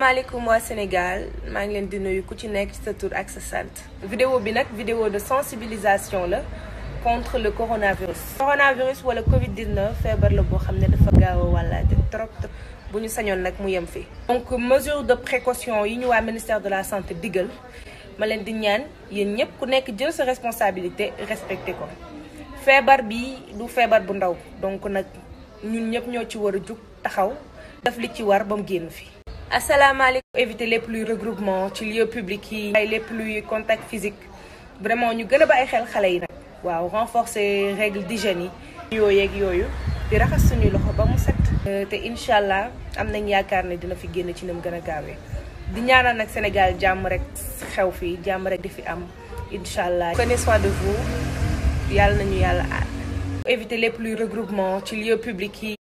maaleykum waa Sénégal maa ngi leen di nuyu ku ci nekk ci sa tour ak sa sant. vidéo bi nag vidéo de sensibilisation la contre le coronavirus. coronavirus wala Covid 19 feebar la boo xam ne dafa gaaw a wàllaate trop bu ñu sañoon nag mu yem fi donc mesure de précaution yi ñu waa ministère de la santé digal ma leen di ñaan yéen ñëpp ku nekk jël sa responsabilité respecté ko. feebar bi du feebar bu ndaw donc nag ñun ñëpp ñoo ci war a jug taxaw def li ci war ba mu génn fi asalaamaaleykum éviter lépp luy regroupement ci lieu public yi ay lépp luy contact physique vraiment ñu gën a bàyyi xel xale yi nag waaw renforcer règle d'hygiène yi yoo yeeg yooyu di raxas suñuy loxo ba mu set euh, te incha allah am nañ yaakaar ne dina fi génn ci nam gën a gaawee di ñaanal nag Sénégal jàmm rek xew fii jàmm rek di fi am incha allah prenez de vous yàlla nañu yàlla aar éviter lépp luy regroupement ci lieu public yi